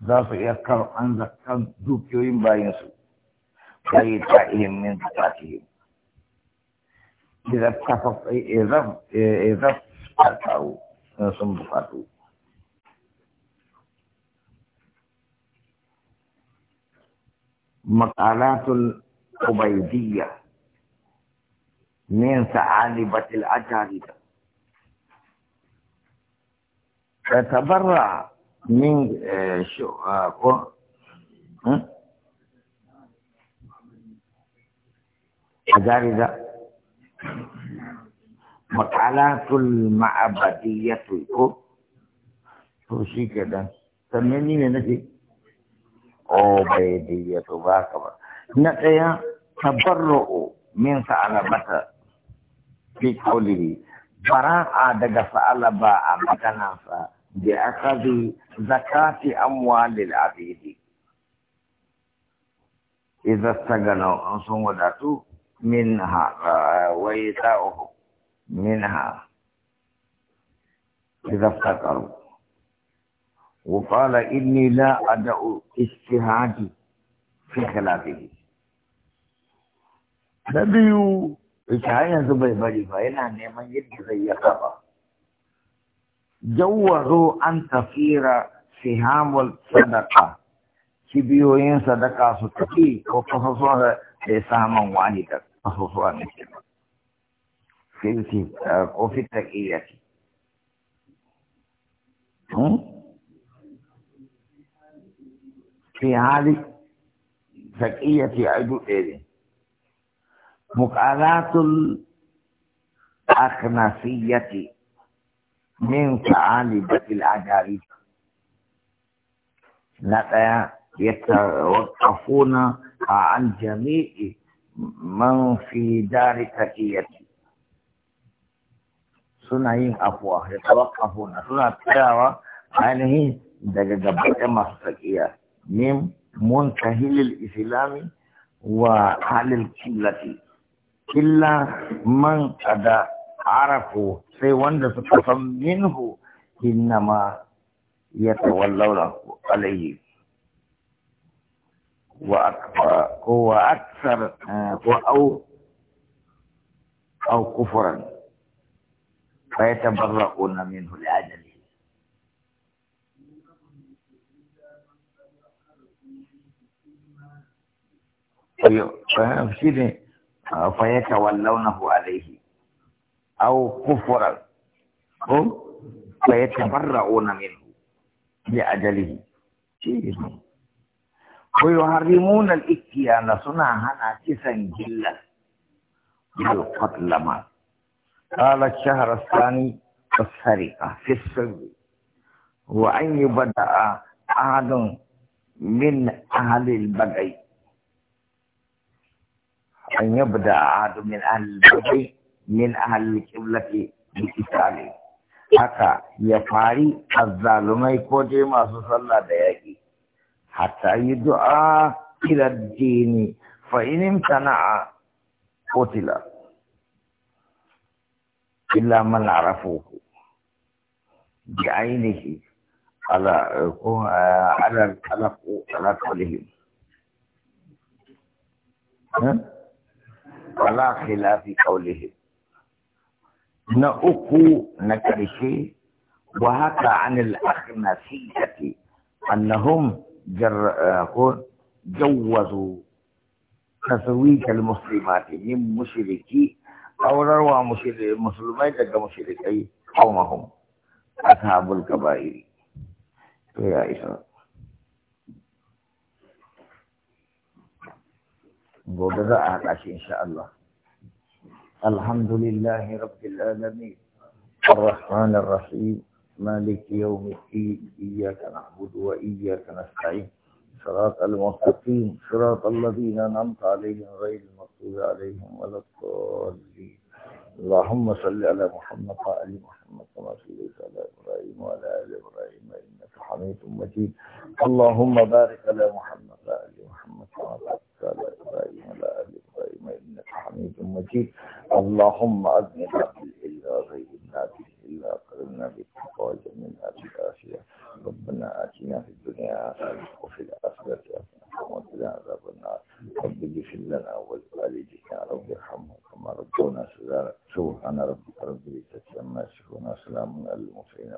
za su iya karɓan zakkan dukiyoyin bayansu sai ta iya min zakatihim idan kafafa idan karu sun bukatu makalatul ubaidiyya min sa'alibatil ajarida تتبرع min eh, ko أجاردة مقالات المعبدية ko to shi da sannan ni ne nake o oh, bai diya to ba ka ba na ɗaya tabarru'u min sa'alabata fi qawlihi bara'a daga sa'alaba a maganansa Ni a kake zakafi amu ha nder ase an san wadatu min haka wai sa'o min haka. Iza saka karo. Ku falawa in nina ada uki shi biyu. Ya ce yanzu bai bari ba yana neman yadda zai yi a جوعوا ان تفير سهام الصدقه كي بيو ين صدقه ستكي او فصوصوا هذا سهام واحد فصوصوا هذا او في تكي في هذه تكية عدو إلي مقالات الأخنافية min ta'ali batil adari na ɗaya a an jami'i man fi dari taqiyati suna yin afuwa da tawakkafuna suna tsayawa ainihin daga gabata masu taƙiya min muntahilil islami wa halil killati illa man kada عرفوا في وند سكفم منه إنما يتولون عليه هو اكثر أو أو كفرا فيتبرؤون منه لعدم فيتولونه عليه أو كفرا هم فيتبرؤون منه لأجله ويحرمون الاتيان صنع هنا كسا جلا بالقتل ما قال الشهر الثاني السرقة في السر وأن يبدأ أحد من أهل البغي أن يبدأ أحد من أهل البغي من أهل القبلة بكتابه حتى يفاري الظالمي كوتي ما صلى بيكي حتى يدعى إلى الدين فإن امتنع قتل إلا من عرفوه بعينه على على الخلق على قولهم ولا خلاف قولهم نأك نكرشي وهكا عن الأخنسية أنهم جر جوزوا تسويك المسلمات من مشركي أو روى مشركي مسلمين لك مشركي قومهم أصحاب الكبائر يا إسراء بودر آتاش إن شاء الله الحمد لله رب العالمين الرحمن الرحيم مالك يوم الدين إياك نعبد وإياك نستعين صراط المستقيم صراط الذين أنعمت عليهم غير المغضوب عليهم ولا الضالين اللهم صل على محمد وعلى محمد كما صليت على إبراهيم وعلى آل إبراهيم إنك حميد مجيد اللهم بارك على محمد وعلى محمد كما باركت على إبراهيم وعلى آل إبراهيم إنك حميد مجيد اللهم أذننا بالإلغاء إلا بالإلا قرمنا من جميعنا الآخرة ربنا آتنا في الدنيا حسنة وفي الآخرة حسنة وقنا عذاب النار رب اغفر لنا ولوالدينا رب ارحمهم كما ربونا صغارا سبحان ربك رب العزة عما يصفون وسلام على المرسلين